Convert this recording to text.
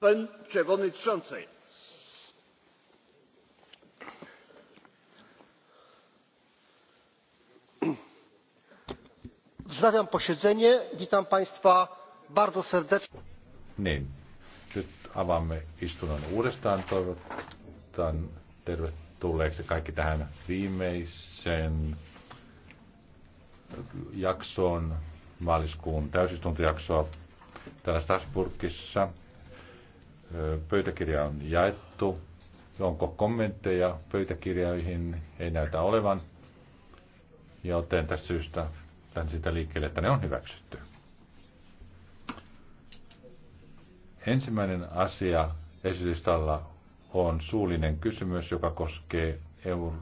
Pani przewodnicząca! wznawiam posiedzenie. witam państwa bardzo serdecznie. Niin, nyt avaamme istunnon uudestaan. toivotan tervetulleeksi kaikki tähän viimeisen jaksoon, maaliskuun täysistuntojaksoa täällä Strasburgissa. Pöytäkirja on jaettu. Onko kommentteja pöytäkirjoihin? Ei näytä olevan. Ja otan tässä syystä tämän sitä liikkeelle, että ne on hyväksytty. Ensimmäinen asia esitystalla on suullinen kysymys, joka koskee euro